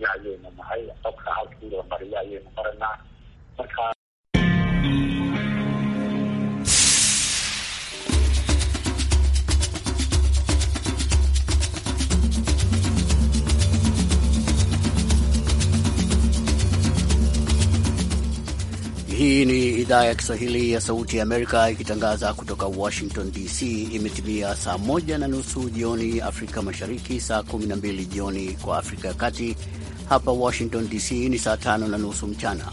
nahay marka Hii ni idhaa ya Kiswahili ya Sauti ya Amerika ikitangaza kutoka Washington DC. Imetimia saa moja na nusu jioni Afrika Mashariki, saa kumi na mbili jioni kwa Afrika ya Kati. Hapa Washington DC ni saa tano na nusu mchana.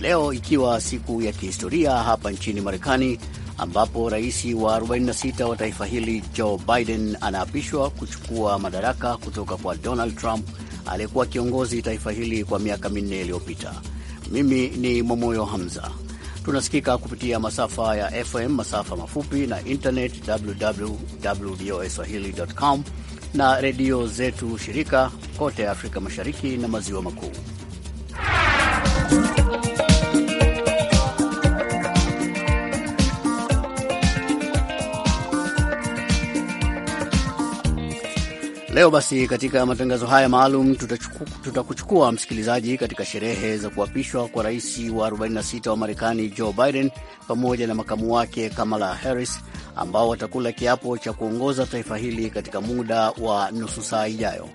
Leo ikiwa siku ya kihistoria hapa nchini Marekani, ambapo rais wa 46 wa taifa hili Joe Biden anaapishwa kuchukua madaraka kutoka kwa Donald Trump aliyekuwa kiongozi taifa hili kwa miaka minne iliyopita. Mimi ni Momoyo Hamza. Tunasikika kupitia masafa ya FM, masafa mafupi na internet, www voa na redio zetu shirika kote Afrika Mashariki na Maziwa Makuu. Leo basi katika matangazo haya maalum tutakuchukua tuta msikilizaji, katika sherehe za kuapishwa kwa rais wa 46 wa Marekani Joe Biden pamoja na makamu wake Kamala Harris ambao watakula kiapo cha kuongoza taifa hili katika muda wa nusu saa ijayo.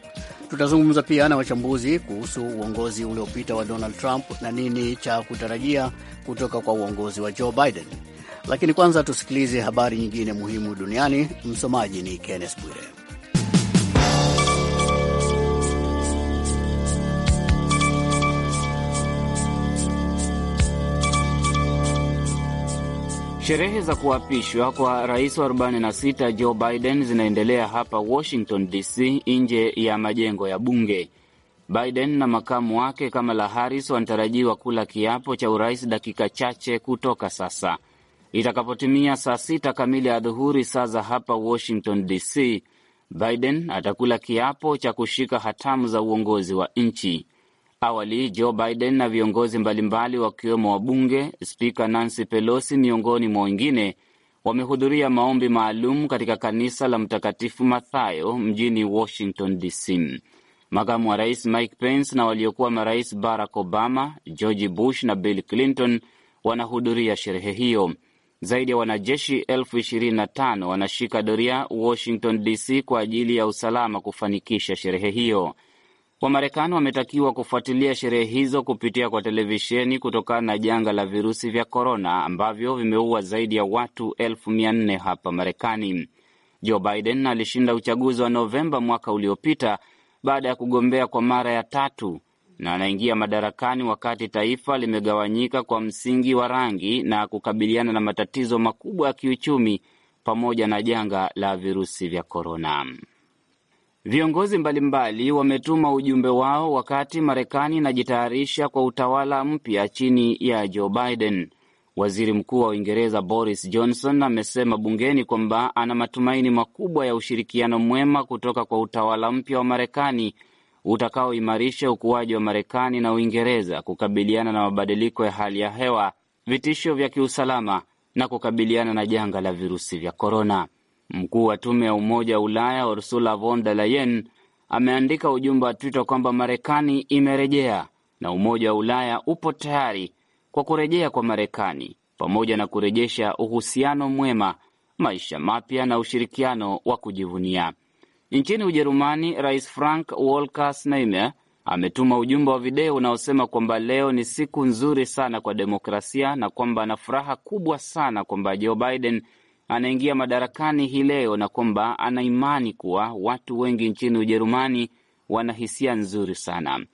Tutazungumza pia na wachambuzi kuhusu uongozi uliopita wa Donald Trump na nini cha kutarajia kutoka kwa uongozi wa Joe Biden. Lakini kwanza tusikilize habari nyingine muhimu duniani. Msomaji ni Kenneth Bwire. Sherehe za kuapishwa kwa rais wa 46 Joe Biden zinaendelea hapa Washington DC, nje ya majengo ya bunge. Biden na makamu wake Kamala Harris wanatarajiwa kula kiapo cha urais dakika chache kutoka sasa itakapotimia saa sita kamili ya dhuhuri saa za hapa Washington DC. Biden atakula kiapo cha kushika hatamu za uongozi wa nchi. Awali Joe Biden na viongozi mbalimbali wakiwemo wabunge, spika Nancy Pelosi miongoni mwa wengine, wamehudhuria maombi maalum katika kanisa la Mtakatifu Mathayo mjini Washington DC. Makamu wa rais Mike Pence na waliokuwa marais Barack Obama, George Bush na Bill Clinton wanahudhuria sherehe hiyo. Zaidi ya wanajeshi elfu ishirini na tano wanashika doria Washington DC kwa ajili ya usalama kufanikisha sherehe hiyo. Wamarekani wametakiwa kufuatilia sherehe hizo kupitia kwa televisheni kutokana na janga la virusi vya korona ambavyo vimeua zaidi ya watu elfu mia nne hapa Marekani. Joe Biden alishinda uchaguzi wa Novemba mwaka uliopita baada ya kugombea kwa mara ya tatu na anaingia madarakani wakati taifa limegawanyika kwa msingi wa rangi na kukabiliana na matatizo makubwa ya kiuchumi pamoja na janga la virusi vya korona. Viongozi mbalimbali wametuma ujumbe wao wakati Marekani inajitayarisha kwa utawala mpya chini ya Joe Biden. Waziri Mkuu wa Uingereza Boris Johnson amesema bungeni kwamba ana matumaini makubwa ya ushirikiano mwema kutoka kwa utawala mpya wa Marekani utakaoimarisha ukuaji wa Marekani na Uingereza kukabiliana na mabadiliko ya hali ya hewa, vitisho vya kiusalama na kukabiliana na janga la virusi vya korona. Mkuu wa tume ya Umoja wa Ulaya Ursula von der Leyen ameandika ujumbe wa Twitter kwamba Marekani imerejea na Umoja wa Ulaya upo tayari kwa kurejea kwa Marekani pamoja na kurejesha uhusiano mwema, maisha mapya na ushirikiano wa kujivunia. Nchini Ujerumani, Rais Frank Walter Steinmeier ametuma ujumbe wa video unaosema kwamba leo ni siku nzuri sana kwa demokrasia na kwamba ana furaha kubwa sana kwamba Joe Biden anaingia madarakani hii leo na kwamba ana imani kuwa watu wengi nchini Ujerumani wana hisia nzuri sana.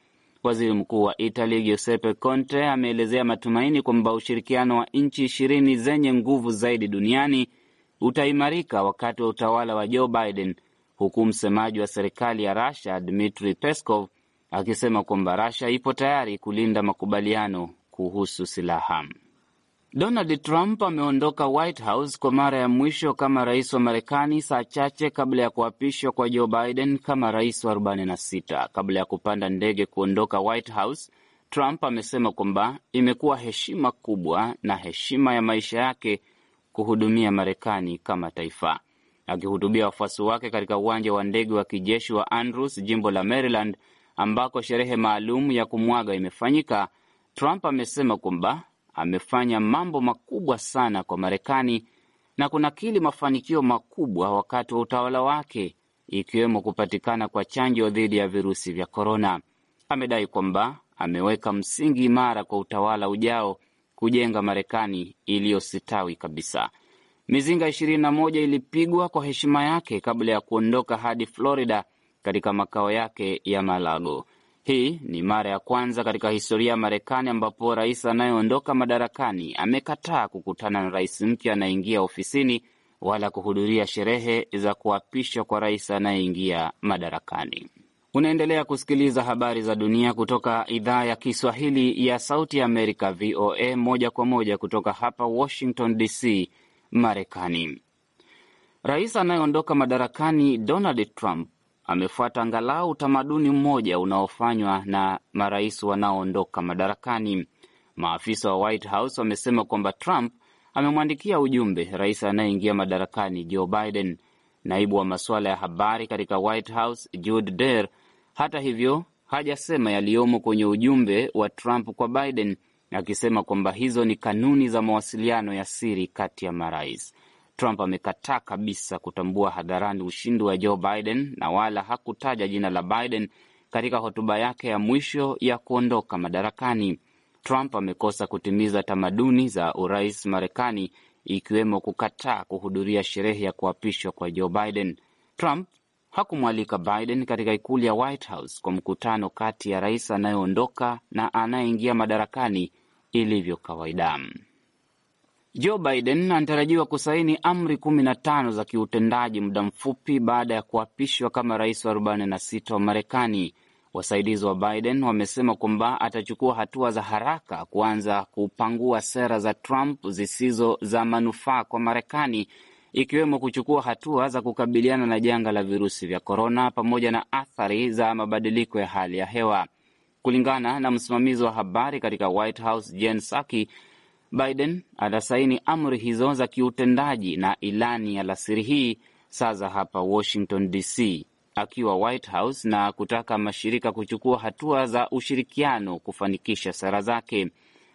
Waziri mkuu wa italy Giuseppe Conte ameelezea matumaini kwamba ushirikiano wa nchi ishirini zenye nguvu zaidi duniani utaimarika wakati wa utawala wa Joe Biden, huku msemaji wa serikali ya rasha Dmitri Peskov akisema kwamba rasha ipo tayari kulinda makubaliano kuhusu silaha. Donald Trump ameondoka White House kwa mara ya mwisho kama rais wa Marekani saa chache kabla ya kuapishwa kwa Joe Biden kama rais wa 46. Kabla ya kupanda ndege kuondoka White House, Trump amesema kwamba imekuwa heshima kubwa na heshima ya maisha yake kuhudumia Marekani kama taifa. Akihutubia wafuasi wake katika uwanja wa ndege wa kijeshi wa Andrews, jimbo la Maryland, ambako sherehe maalum ya kumwaga imefanyika, Trump amesema kwamba amefanya mambo makubwa sana kwa Marekani na kunakili mafanikio makubwa wakati wa utawala wake, ikiwemo kupatikana kwa chanjo dhidi ya virusi vya korona. Amedai kwamba ameweka msingi imara kwa utawala ujao kujenga Marekani iliyositawi kabisa. Mizinga 21 ilipigwa kwa heshima yake kabla ya kuondoka hadi Florida katika makao yake ya Malago. Hii ni mara ya kwanza katika historia ya Marekani ambapo rais anayeondoka madarakani amekataa kukutana na rais mpya anayeingia ofisini wala kuhudhuria sherehe za kuapishwa kwa rais anayeingia madarakani. Unaendelea kusikiliza habari za dunia kutoka idhaa ya Kiswahili ya Sauti ya Amerika, VOA, moja kwa moja kutoka hapa Washington DC, Marekani. Rais anayeondoka madarakani Donald Trump amefuata angalau utamaduni mmoja unaofanywa na marais wanaoondoka madarakani. Maafisa wa White House wamesema kwamba Trump amemwandikia ujumbe rais anayeingia madarakani Joe Biden. Naibu wa masuala ya habari katika White House Jude Dare, hata hivyo, hajasema yaliyomo kwenye ujumbe wa Trump kwa Biden, akisema kwamba hizo ni kanuni za mawasiliano ya siri kati ya marais. Trump amekataa kabisa kutambua hadharani ushindi wa Joe Biden na wala hakutaja jina la Biden katika hotuba yake ya mwisho ya kuondoka madarakani. Trump amekosa kutimiza tamaduni za urais Marekani, ikiwemo kukataa kuhudhuria sherehe ya kuapishwa kwa Joe Biden. Trump hakumwalika Biden katika ikulu ya White House kwa mkutano kati ya rais anayeondoka na anayeingia madarakani ilivyo kawaida. Joe Biden anatarajiwa kusaini amri 15 za kiutendaji muda mfupi baada ya kuapishwa kama rais wa 46 wa Marekani. Wasaidizi wa Biden wamesema kwamba atachukua hatua za haraka kuanza kupangua sera za Trump zisizo za manufaa kwa Marekani, ikiwemo kuchukua hatua za kukabiliana na janga la virusi vya korona pamoja na athari za mabadiliko ya hali ya hewa. Kulingana na msimamizi wa habari katika White House Jen Psaki, Biden atasaini amri hizo za kiutendaji na ilani ya lasiri hii saa za hapa Washington DC akiwa White House na kutaka mashirika kuchukua hatua za ushirikiano kufanikisha sera zake.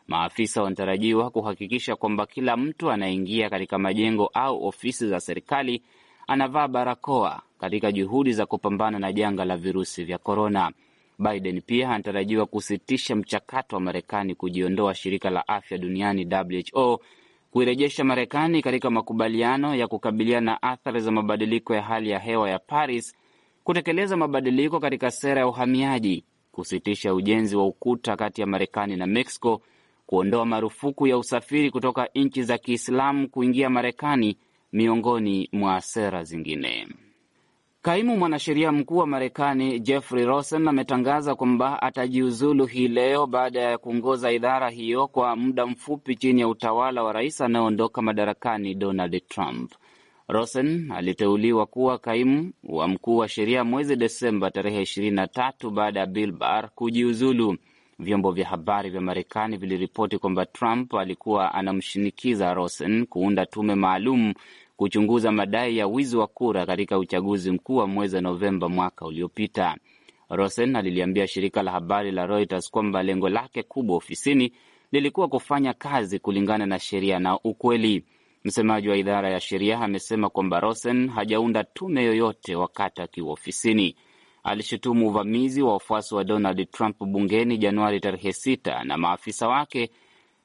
Maafisa wanatarajiwa kuhakikisha kwamba kila mtu anayeingia katika majengo au ofisi za serikali anavaa barakoa katika juhudi za kupambana na janga la virusi vya korona. Biden pia anatarajiwa kusitisha mchakato wa Marekani kujiondoa shirika la afya duniani WHO, kuirejesha Marekani katika makubaliano ya kukabiliana na athari za mabadiliko ya hali ya hewa ya Paris, kutekeleza mabadiliko katika sera ya uhamiaji, kusitisha ujenzi wa ukuta kati ya Marekani na Mexico, kuondoa marufuku ya usafiri kutoka nchi za Kiislamu kuingia Marekani, miongoni mwa sera zingine. Kaimu mwanasheria mkuu wa Marekani Jeffrey Rosen ametangaza kwamba atajiuzulu hii leo baada ya kuongoza idara hiyo kwa muda mfupi chini ya utawala wa rais anayeondoka madarakani Donald Trump. Rosen aliteuliwa kuwa kaimu wa mkuu wa sheria mwezi Desemba tarehe 23 baada ya Bill Barr kujiuzulu. Vyombo vya habari vya Marekani viliripoti kwamba Trump alikuwa anamshinikiza Rosen kuunda tume maalum kuchunguza madai ya wizi wa kura katika uchaguzi mkuu wa mwezi Novemba mwaka uliopita. Rosen aliliambia shirika la habari la Reuters kwamba lengo lake kubwa ofisini lilikuwa kufanya kazi kulingana na sheria na ukweli. Msemaji wa idara ya sheria amesema kwamba Rosen hajaunda tume yoyote wakati akiwa ofisini. Alishutumu uvamizi wa wafuasi wa Donald Trump bungeni Januari tarehe 6 na maafisa wake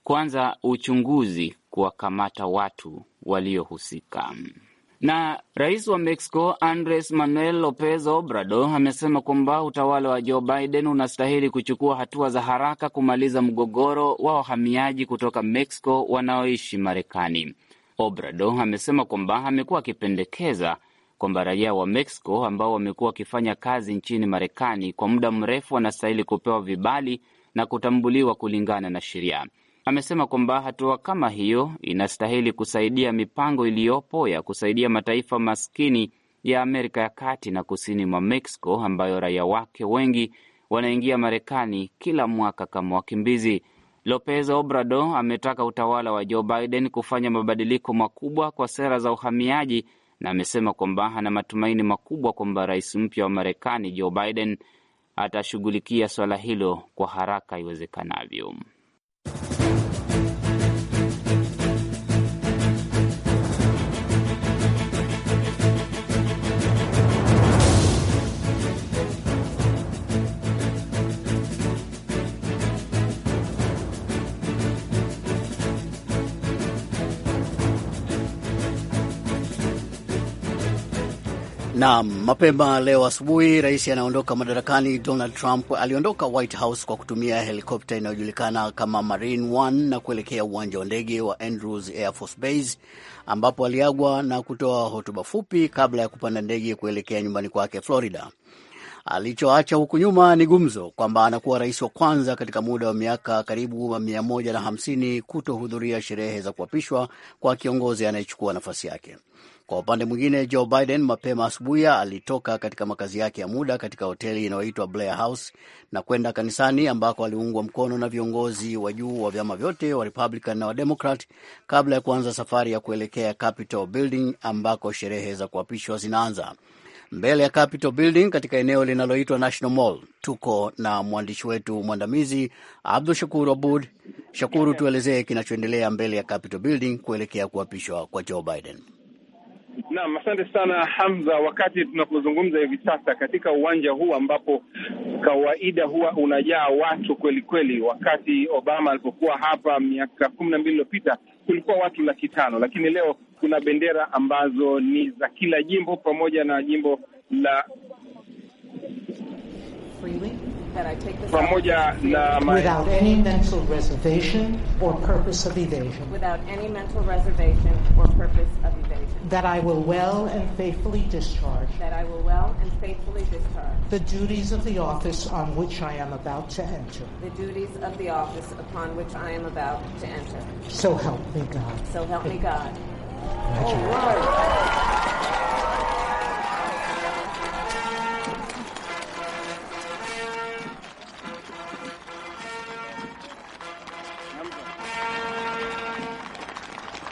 kuanza uchunguzi kuwakamata watu waliohusika. Na rais wa Mexico Andres Manuel Lopez Obrador amesema kwamba utawala wa Joe Biden unastahili kuchukua hatua za haraka kumaliza mgogoro wa wahamiaji kutoka Mexico wanaoishi Marekani. Obrador amesema kwamba amekuwa akipendekeza kwamba raia wa Mexico ambao wamekuwa wakifanya kazi nchini Marekani kwa muda mrefu wanastahili kupewa vibali na kutambuliwa kulingana na sheria amesema kwamba hatua kama hiyo inastahili kusaidia mipango iliyopo ya kusaidia mataifa maskini ya Amerika ya Kati na kusini mwa Mexico ambayo raia wake wengi wanaingia Marekani kila mwaka kama wakimbizi. Lopez Obrador ametaka utawala wa Joe Biden kufanya mabadiliko makubwa kwa sera za uhamiaji na amesema kwamba ana matumaini makubwa kwamba rais mpya wa Marekani Joe Biden atashughulikia swala hilo kwa haraka iwezekanavyo. Naam, mapema leo asubuhi rais anaondoka madarakani Donald Trump aliondoka White House kwa kutumia helikopta inayojulikana kama Marine One na kuelekea uwanja wa ndege wa Andrews Air Force Base ambapo aliagwa na kutoa hotuba fupi kabla ya kupanda ndege kuelekea nyumbani kwake Florida. Alichoacha huku nyuma ni gumzo kwamba anakuwa rais wa kwanza katika muda wa miaka karibu mia moja na hamsini kutohudhuria sherehe za kuapishwa kwa kiongozi anayechukua nafasi yake. Kwa upande mwingine, Joe Biden mapema asubuhi alitoka katika makazi yake ya muda katika hoteli inayoitwa Blair House na kwenda kanisani ambako aliungwa mkono na viongozi wa juu wa vyama vyote wa Republican na wa Democrat kabla ya kuanza safari ya kuelekea Capitol Building ambako sherehe za kuapishwa zinaanza. Mbele ya Capitol Building katika eneo linaloitwa National Mall tuko na mwandishi wetu mwandamizi Abdu Shakur Abud. Shakuru, tuelezee kinachoendelea mbele ya Capitol Building kuelekea kuapishwa kwa Joe Biden. Naam, asante sana Hamza. Wakati tunapozungumza hivi sasa katika uwanja huu ambapo kawaida huwa unajaa watu kweli kweli, wakati Obama alipokuwa hapa miaka kumi na mbili iliyopita kulikuwa watu laki tano, lakini leo kuna bendera ambazo ni za kila jimbo pamoja na jimbo la Freeway. pamoja na without any mental reservation or purpose of evasion without any mental reservation or purpose of evasion that I will well and faithfully discharge that I will well and faithfully discharge the duties of the office on which I am about to enter the duties of the office upon which I am about to enter so help me God so help me God All oh, right.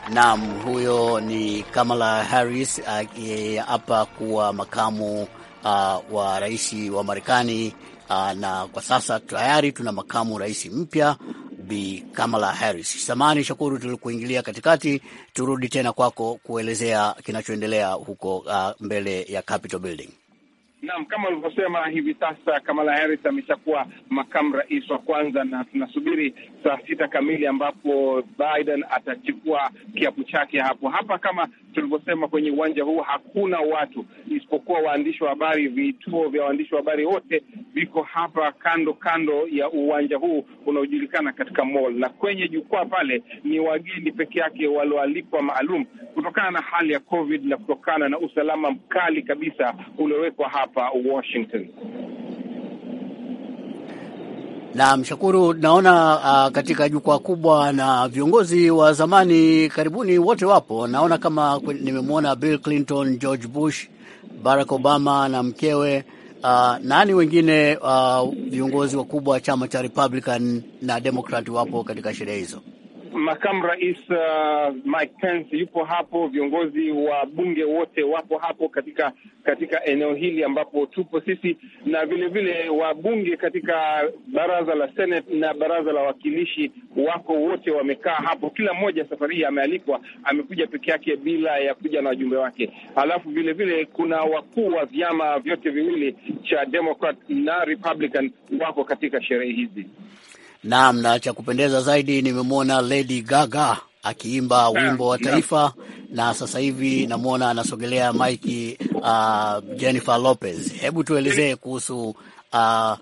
Naam, huyo ni Kamala Harris akiapa kuwa makamu uh, wa rais wa Marekani uh, na kwa sasa tayari tuna makamu rais mpya Bi Kamala Harris. Samani Shakuru, tulikuingilia katikati, turudi tena kwako kuelezea kinachoendelea huko uh, mbele ya Capitol Building. Naam, kama ulivyosema, hivi sasa Kamala Harris ameshakuwa makamu rais wa kwanza, na tunasubiri saa sita kamili ambapo Biden atachukua kiapo chake hapo hapa. Kama tulivyosema, kwenye uwanja huu hakuna watu isipokuwa waandishi wa habari. Vituo vya waandishi wa habari wote viko hapa kando kando ya uwanja huu unaojulikana katika mall, na kwenye jukwaa pale ni wageni peke yake walioalikwa maalum kutokana na hali ya COVID na kutokana na usalama mkali kabisa uliowekwa hapa. Washington. Na mshukuru, naona uh, katika jukwaa kubwa na viongozi wa zamani karibuni wote wapo. Naona kama nimemwona Bill Clinton, George Bush, Barack Obama na mkewe uh, nani wengine uh, viongozi wakubwa wa chama cha Republican na Democrat wapo katika sherehe hizo. Makamu Rais uh, Mike Pence yupo hapo, viongozi wa bunge wote wapo hapo katika katika eneo hili ambapo tupo sisi, na vilevile wabunge katika baraza la Senate na baraza la wawakilishi wako wote wamekaa hapo. Kila mmoja safari hii amealikwa, amekuja peke yake bila ya kuja na wajumbe wake. Alafu vilevile kuna wakuu wa vyama vyote viwili cha Democrat na Republican wako katika sherehe hizi. Naam, na cha kupendeza zaidi nimemwona Lady Gaga akiimba wimbo wa taifa na sasa hivi namwona anasogelea miki uh, Jennifer Lopez. Hebu tuelezee kuhusu uh,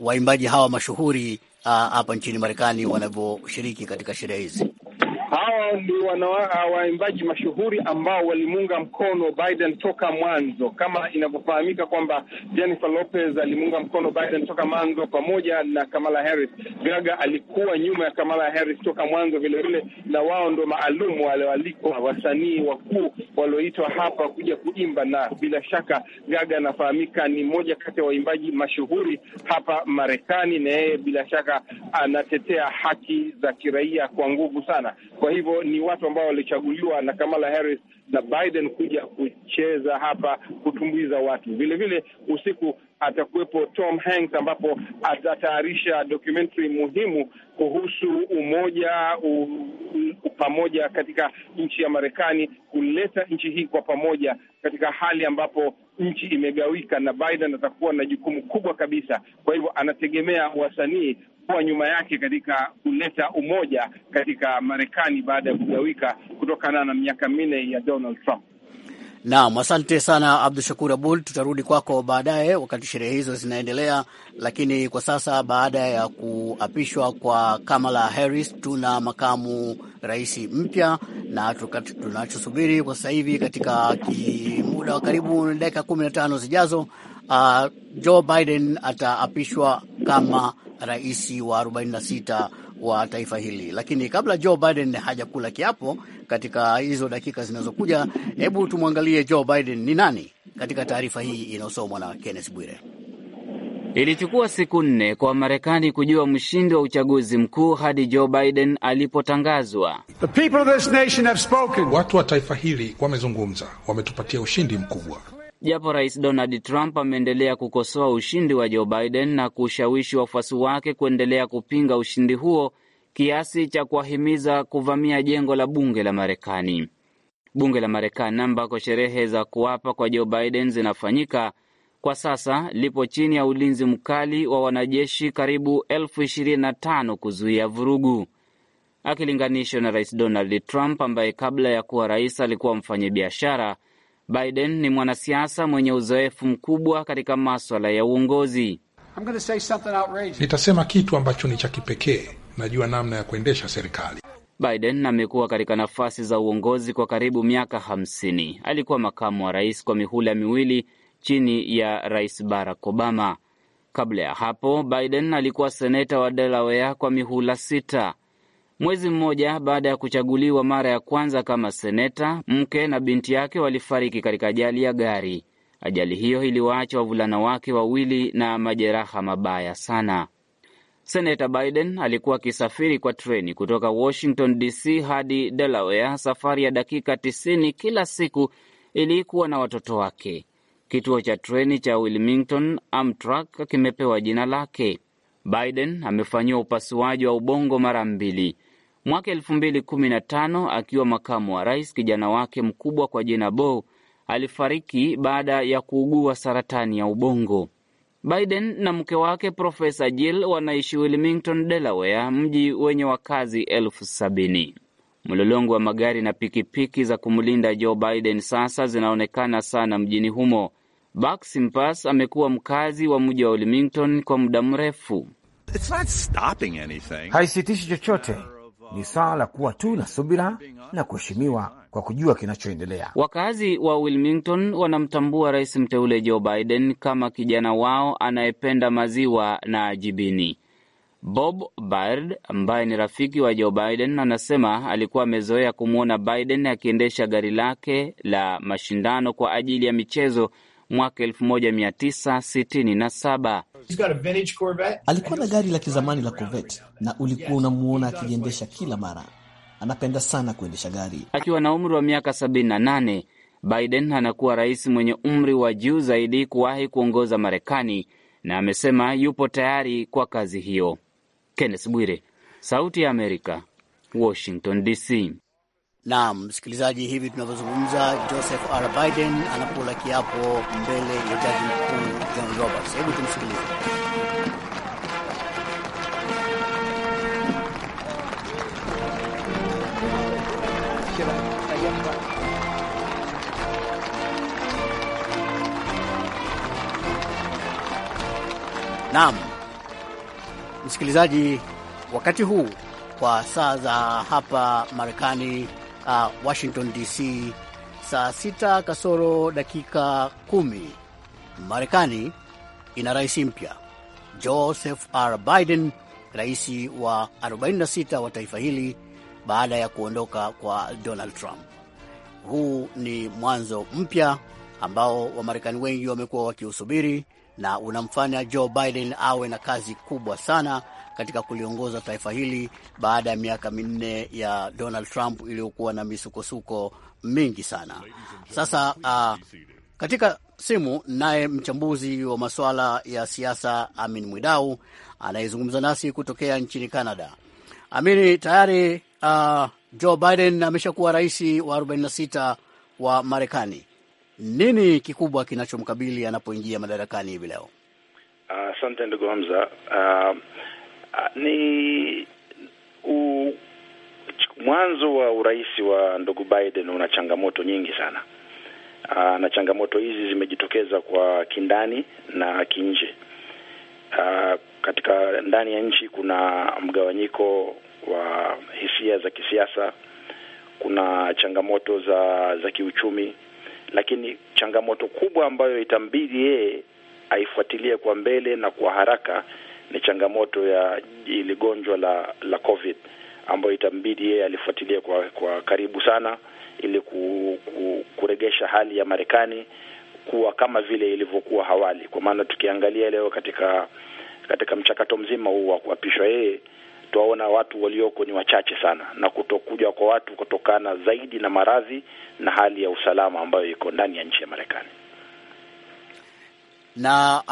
waimbaji hawa mashuhuri uh, hapa uh, nchini Marekani wanavyoshiriki katika sherehe hizi. Hawa ni ah, waimbaji mashuhuri ambao walimuunga mkono Biden toka mwanzo, kama inavyofahamika kwamba Jennifer Lopez alimuunga mkono Biden toka mwanzo, pamoja na Kamala Harris. Gaga alikuwa nyuma ya Kamala Harris toka mwanzo vilevile, na wao ndo maalum walioalikwa, wasanii wakuu walioitwa hapa kuja kuimba, na bila shaka Gaga anafahamika ni mmoja kati ya waimbaji mashuhuri hapa Marekani, na yeye bila shaka anatetea haki za kiraia kwa nguvu sana. Kwa hivyo ni watu ambao walichaguliwa na Kamala Harris na Biden kuja kucheza hapa, kutumbuiza watu. Vilevile usiku atakuwepo Tom Hanks ambapo atatayarisha documentary muhimu kuhusu umoja u, u, pamoja katika nchi ya Marekani, kuleta nchi hii kwa pamoja katika hali ambapo nchi imegawika, na Biden atakuwa na jukumu kubwa kabisa. Kwa hivyo anategemea wasanii kuwa nyuma yake katika kuleta umoja katika Marekani baada ya kugawika kutokana na miaka minne ya Donald Trump. Naam, asante sana Abdu Shakur Abud, tutarudi kwako baadaye wakati sherehe hizo zinaendelea. Lakini kwa sasa, baada ya kuapishwa kwa Kamala Harris, tuna makamu rais mpya, na tunachosubiri kwa sasa hivi katika kimuda wa karibu dakika kumi na tano zijazo, uh, Joe Biden ataapishwa kama rais wa 46 wa taifa hili. Lakini kabla Joe Biden hajakula kiapo katika hizo dakika zinazokuja, hebu tumwangalie Joe Biden ni nani katika taarifa hii inayosomwa na Kenneth Bwire. Ilichukua siku nne kwa Marekani kujua mshindi wa uchaguzi mkuu hadi Joe Biden alipotangazwa. Watu wa taifa hili wamezungumza, wametupatia ushindi mkubwa. Japo Rais Donald Trump ameendelea kukosoa ushindi wa Joe Biden na kushawishi wafuasi wake kuendelea kupinga ushindi huo kiasi cha kuwahimiza kuvamia jengo la bunge la Marekani. Bunge la Marekani ambako sherehe za kuapa kwa Joe Biden zinafanyika kwa sasa lipo chini ya ulinzi mkali wa wanajeshi karibu elfu ishirini na tano kuzuia vurugu, akilinganishwa na Rais Donald Trump ambaye kabla ya kuwa rais alikuwa mfanyabiashara Biden ni mwanasiasa mwenye uzoefu mkubwa katika maswala ya uongozi. Nitasema kitu ambacho ni cha kipekee. Najua namna ya kuendesha serikali. Biden amekuwa katika nafasi za uongozi kwa karibu miaka 50. Alikuwa makamu wa rais kwa mihula miwili chini ya rais Barack Obama. Kabla ya hapo, Biden alikuwa seneta wa Delaware kwa mihula sita. Mwezi mmoja baada ya kuchaguliwa mara ya kwanza kama seneta, mke na binti yake walifariki katika ajali ya gari. Ajali hiyo iliwaacha wavulana wake wawili na majeraha mabaya sana. Senata Biden alikuwa akisafiri kwa treni kutoka Washington DC hadi Delaware, safari ya dakika 90 kila siku ili kuwa na watoto wake. Kituo cha treni cha Wilmington Amtrak kimepewa jina lake. Biden amefanyiwa upasuaji wa ubongo mara mbili. Mwaka elfu mbili kumi na tano akiwa makamu wa rais, kijana wake mkubwa kwa jina Bo alifariki baada ya kuugua saratani ya ubongo. Biden na mke wake Profesa Jill wanaishi Wilmington, Delaware, mji wenye wakazi elfu sabini. Mlolongo wa magari na pikipiki za kumlinda Joe Biden sasa zinaonekana sana mjini humo. Bak Simpas amekuwa mkazi wa mji wa Wilmington kwa muda mrefu. Haisitishi chochote ni swala la kuwa tu na subira na kuheshimiwa kwa kujua kinachoendelea. Wakazi wa Wilmington wanamtambua rais mteule Joe Biden kama kijana wao anayependa maziwa na jibini. Bob Baird ambaye ni rafiki wa Joe Biden anasema alikuwa amezoea kumwona Biden akiendesha gari lake la mashindano kwa ajili ya michezo mwaka 1967. Alikuwa na gari la kizamani la Corvette na ulikuwa unamuona akijiendesha kila mara. Anapenda sana kuendesha gari. Akiwa na umri wa miaka 78, Biden anakuwa rais mwenye umri wa juu zaidi kuwahi kuongoza Marekani na amesema yupo tayari kwa kazi hiyo. Kenneth Bwire, Sauti ya Amerika, Washington DC. Naam, msikilizaji, hivi tunavyozungumza, Joseph R. Biden anakula kiapo mbele ya jaji mkuu John Roberts. Hebu tumsikilize. Naam, msikilizaji, wakati huu kwa saa za hapa Marekani Ah, Washington DC saa sita kasoro dakika kumi. Marekani ina rais mpya Joseph R. Biden, rais wa 46 wa taifa hili baada ya kuondoka kwa Donald Trump. Huu ni mwanzo mpya ambao Wamarekani wengi wamekuwa wakiusubiri na unamfanya Joe Biden awe na kazi kubwa sana katika kuliongoza taifa hili baada ya miaka minne ya Donald Trump iliyokuwa na misukosuko mingi sana. Sasa uh, katika simu naye mchambuzi wa masuala ya siasa Amin Mwidau anayezungumza nasi kutokea nchini Canada. Amini, tayari uh, Joe Biden ameshakuwa rais wa 46 wa Marekani. Nini kikubwa kinachomkabili anapoingia madarakani hivi leo? Asante uh, ndugu Hamza. Uh, uh, ni u, mwanzo wa urais wa ndugu Biden una changamoto nyingi sana Aa, ah, na changamoto hizi zimejitokeza kwa kindani na kinje. katika ndani ya nchi kuna mgawanyiko wa hisia za kisiasa, kuna changamoto za za kiuchumi lakini changamoto kubwa ambayo itambidi yeye aifuatilie kwa mbele na kwa haraka ni changamoto ya ili gonjwa la la COVID ambayo itambidi yeye alifuatilia kwa kwa karibu sana ili ku, ku, kuregesha hali ya Marekani kuwa kama vile ilivyokuwa hawali. Kwa maana tukiangalia leo katika katika mchakato mzima huu wa kuapishwa yeye twaona watu walioko ni wachache sana, na kutokuja kwa watu kutokana zaidi na maradhi na hali ya usalama ambayo iko ndani ya nchi ya Marekani. Na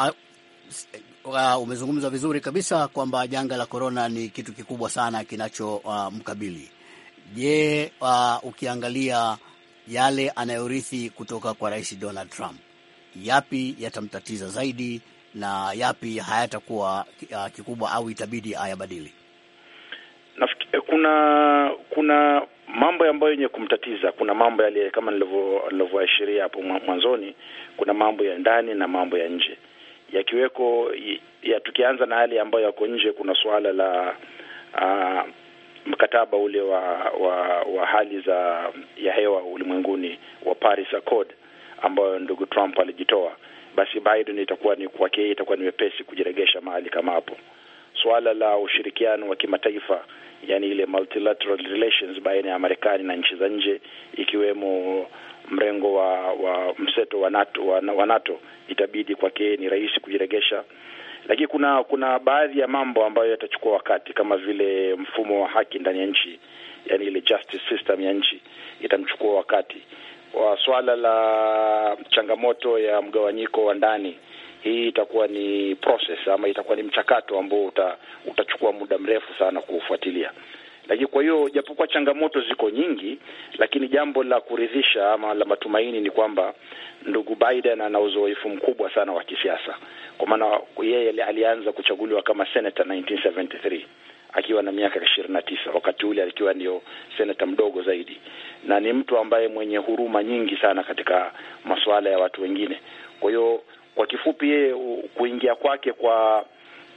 uh, umezungumza vizuri kabisa kwamba janga la korona ni kitu kikubwa sana kinacho Uh, je, uh, ukiangalia yale anayorithi kutoka kwa Rais Donald Trump, yapi yatamtatiza zaidi na yapi hayatakuwa uh, kikubwa au itabidi ayabadili? nafikia, eh, kuna kuna mambo ambayo yenye kumtatiza. Kuna mambo yale kama nilivyoashiria hapo mwanzoni, kuna mambo ya ndani na mambo ya nje yakiweko ya, tukianza na hali ambayo yako nje, kuna suala la uh, mkataba ule wa, wa wa hali za ya hewa ulimwenguni wa Paris Accord ambayo ndugu Trump alijitoa, basi Biden itakuwa ni kwake, itakuwa ni wepesi kujiregesha mahali kama hapo suala la ushirikiano wa kimataifa yani ile multilateral relations baina ya Marekani na nchi za nje ikiwemo mrengo wa, wa mseto wa NATO, wa, wa NATO itabidi kwake ni rahisi kujiregesha, lakini kuna kuna baadhi ya mambo ambayo yatachukua wakati kama vile mfumo wa haki ndani ya nchi yani ile justice system ya nchi itamchukua wakati. Wa swala la changamoto ya mgawanyiko wa ndani hii itakuwa ni process ama itakuwa ni mchakato ambao uta, utachukua muda mrefu sana kuufuatilia. Lakini kwa hiyo, japokuwa changamoto ziko nyingi, lakini jambo la kuridhisha ama la matumaini ni kwamba ndugu Biden ana uzoefu mkubwa sana wa kisiasa, kwa maana yeye alianza kuchaguliwa kama senator 1973 akiwa na miaka ishirini na tisa, wakati ule alikuwa ndio senata mdogo zaidi, na ni mtu ambaye mwenye huruma nyingi sana katika masuala ya watu wengine. Kwa hiyo kwa kifupi, yeye eh, kuingia kwake kwa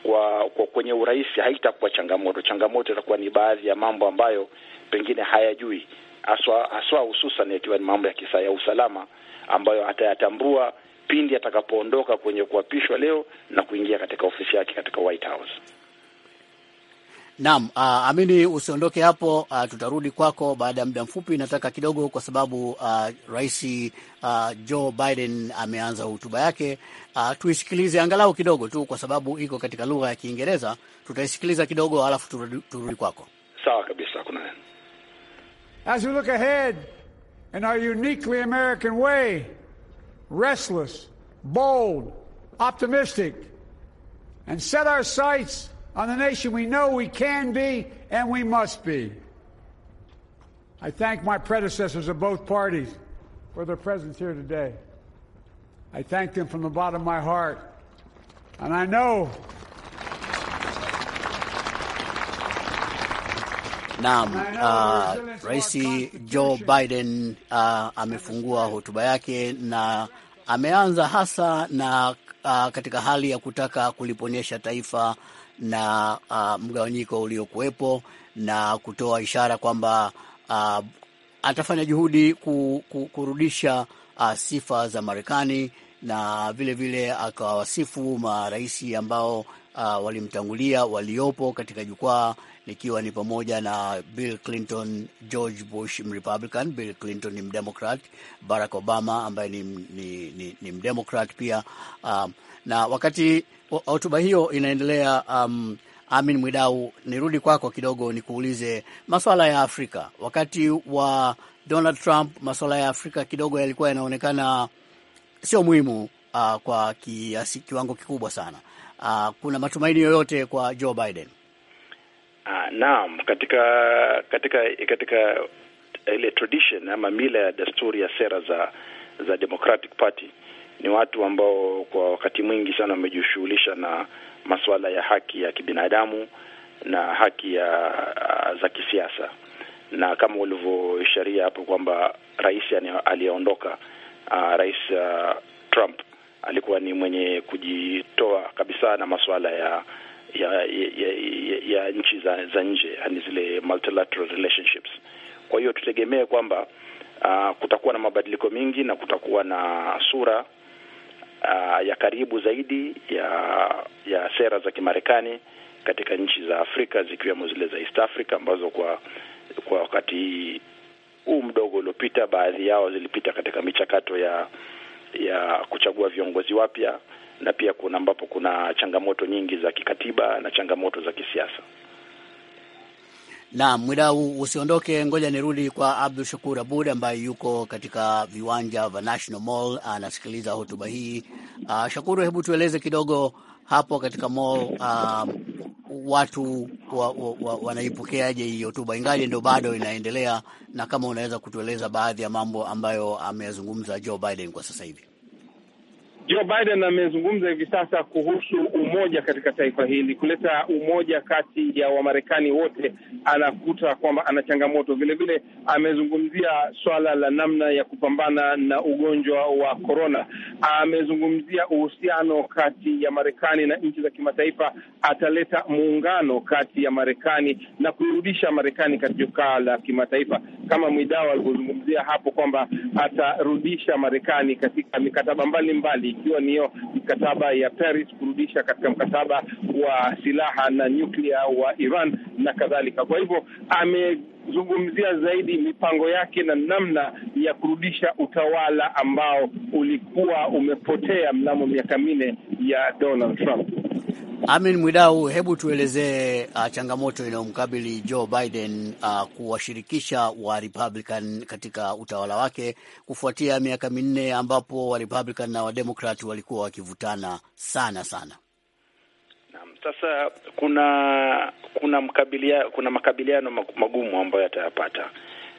kwa, kwa kwenye urais haitakuwa changamoto. Changamoto itakuwa ni baadhi ya mambo ambayo pengine hayajui haswa haswa, hususan yakiwa ni mambo ya kisa ya usalama ambayo atayatambua pindi atakapoondoka kwenye kuapishwa leo na kuingia katika ofisi yake katika White House. Naam, uh, Amini, usiondoke hapo. Uh, tutarudi kwako baada ya muda mfupi. Nataka kidogo, kwa sababu uh, Rais uh, Joe Biden ameanza hotuba yake. Uh, tuisikilize angalau kidogo tu, kwa sababu iko katika lugha ya Kiingereza. Tutaisikiliza kidogo, alafu turudi, turudi kwako. Sawa kabisa, kuna neno. As we look ahead in our uniquely American way, restless, bold, optimistic and set our sights on the nation we know we can be and we must be. I thank my predecessors of both parties for their presence here today. I thank them from the bottom of my heart. And I know. Naam, uh, Rais Joe Biden uh, amefungua hotuba yake na ameanza hasa na uh, katika hali ya kutaka kuliponyesha taifa na uh, mgawanyiko uliokuwepo na kutoa ishara kwamba uh, atafanya juhudi ku, ku, kurudisha uh, sifa za Marekani na vilevile akawasifu marais ambao uh, walimtangulia waliopo katika jukwaa nikiwa ni pamoja na Bill Clinton, George Bush Mrepublican, Bill Clinton ni Mdemokrat, Barack Obama ambaye ni, ni, ni, ni Mdemokrat pia uh, na wakati hotuba hiyo inaendelea. Um, Amin Mwidau, nirudi kwako kidogo nikuulize maswala ya Afrika. Wakati wa Donald Trump maswala ya Afrika kidogo yalikuwa yanaonekana sio muhimu uh, kwa kiasi, kiwango kikubwa sana uh, kuna matumaini yoyote kwa Joe Biden? Uh, naam, katika katika katika ile tradition ama mila ya desturi ya sera za za Democratic Party ni watu ambao kwa wakati mwingi sana wamejishughulisha na masuala ya haki ya kibinadamu na haki ya uh, za kisiasa, na kama ulivyoisharia hapo kwamba rais aliyeondoka, uh, rais uh, Trump alikuwa ni mwenye kujitoa kabisa na masuala ya ya, ya, ya, ya nchi za, za nje, yani zile multilateral relationships. Kwa hiyo tutegemee kwamba uh, kutakuwa na mabadiliko mengi na kutakuwa na sura uh, ya karibu zaidi ya ya sera za Kimarekani katika nchi za Afrika zikiwemo zile za East Africa ambazo kwa kwa wakati huu mdogo uliopita baadhi yao zilipita katika michakato ya ya kuchagua viongozi wapya na pia kuna ambapo kuna changamoto nyingi za kikatiba na changamoto za kisiasa. Naam, mwidau usiondoke, ngoja nirudi kwa Abdul Shakur Abud ambaye yuko katika viwanja vya National Mall anasikiliza hotuba hii. Uh, ah, Shakuru, hebu tueleze kidogo hapo katika mall, uh, watu wa, wa, wa, wanaipokeaje hii hotuba, ingali ndio bado inaendelea, na kama unaweza kutueleza baadhi ya mambo ambayo ameyazungumza Joe Biden kwa sasa hivi. Joe Biden amezungumza hivi sasa kuhusu umoja katika taifa hili, kuleta umoja kati ya Wamarekani wote. Anakuta kwamba ana changamoto vilevile. Amezungumzia swala la namna ya kupambana na ugonjwa wa korona. Amezungumzia uhusiano kati ya Marekani na nchi za kimataifa. Ataleta muungano kati ya Marekani na kuirudisha Marekani katika jukwaa la kimataifa, kama Mwidao alivyozungumzia hapo kwamba atarudisha Marekani katika mikataba mbalimbali ikiwa niyo mkataba ya Paris, kurudisha katika mkataba wa silaha na nyuklia wa Iran na kadhalika. Kwa hivyo ame zungumzia zaidi mipango yake na namna ya kurudisha utawala ambao ulikuwa umepotea mnamo miaka minne ya Donald Trump. Amin Mwidau, hebu tuelezee uh, changamoto inayomkabili Joe Biden uh, kuwashirikisha wa Republican katika utawala wake kufuatia miaka minne ambapo wa Republican na wa Democrat walikuwa wakivutana sana sana. Sasa kuna kuna mkabilia, kuna makabiliano magumu ambayo yatayapata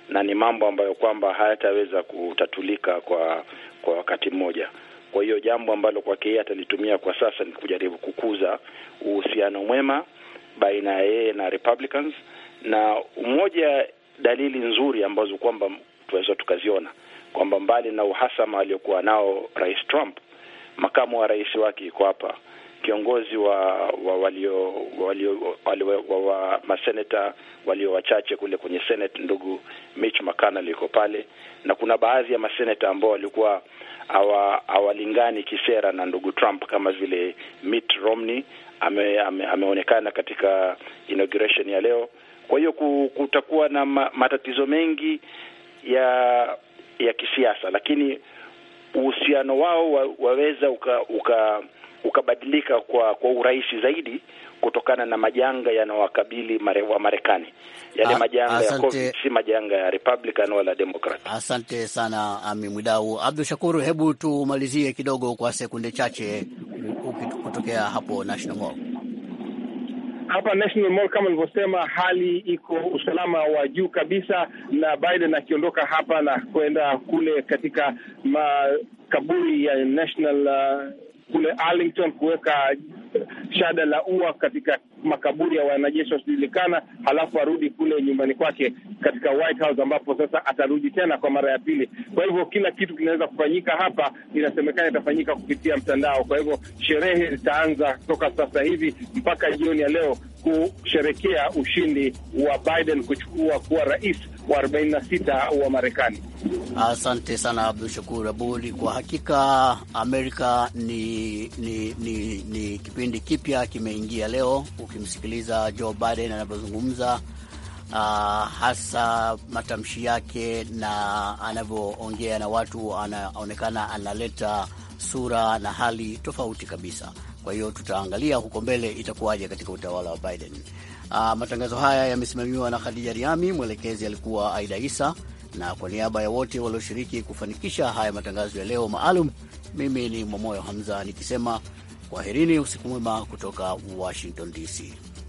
na ni mambo ambayo kwamba hayataweza kutatulika kwa kwa wakati mmoja. Kwa hiyo jambo ambalo kwake yeye atalitumia kwa sasa ni kujaribu kukuza uhusiano mwema baina ya yeye na Republicans, na umoja, dalili nzuri ambazo kwamba tunaweza tukaziona kwamba mbali na uhasama aliokuwa nao Rais Trump, makamu wa rais wake yuko hapa kiongozi wa wa walio walio wa, wa maseneta walio wachache kule kwenye Senate, ndugu Mitch McConnell yuko pale, na kuna baadhi ya maseneta ambao walikuwa hawalingani kisera na ndugu Trump kama vile Mitt Romney ame, ame, ameonekana katika inauguration ya leo. Kwa hiyo kutakuwa na matatizo mengi ya ya kisiasa, lakini uhusiano wao wa, waweza uka, uka ukabadilika kwa kwa urahisi zaidi kutokana na majanga yanayowakabili mare, wa Marekani yale majanga asante, ya COVID si majanga ya Republican wala Democrat. Asante sana Ami Mwidau. Abdul Shakur, hebu tumalizie kidogo kwa sekunde chache kutokea hapo National Mall. Hapa National Mall kama nilivyosema, hali iko usalama wa juu kabisa, na Biden akiondoka hapa na kwenda kule katika makaburi ya National uh, kule Arlington kuweka eh, shada la ua katika makaburi ya wanajeshi wasiojulikana, halafu arudi kule nyumbani kwake katika White House, ambapo sasa atarudi tena kwa mara ya pili. Kwa hivyo kila kitu kinaweza kufanyika hapa, inasemekana itafanyika kupitia mtandao. Kwa hivyo sherehe zitaanza toka sasa hivi mpaka jioni ya leo kusherekea ushindi wa Biden kuchukua kuwa rais wa 46 wa Marekani. Asante sana Abdu Shakur Abud. Kwa hakika Amerika ni, ni, ni, ni kipindi kipya kimeingia leo. Ukimsikiliza Joe Biden anavyozungumza uh, hasa matamshi yake na anavyoongea na watu, anaonekana analeta sura na hali tofauti kabisa. Kwa hiyo tutaangalia huko mbele itakuwaje katika utawala wa Biden. Uh, matangazo haya yamesimamiwa na Khadija Riami, mwelekezi alikuwa Aida Isa, na kwa niaba ya wote walioshiriki kufanikisha haya matangazo ya leo maalum, mimi ni Mwamoyo Hamza nikisema kwaherini, usiku mwema kutoka Washington DC.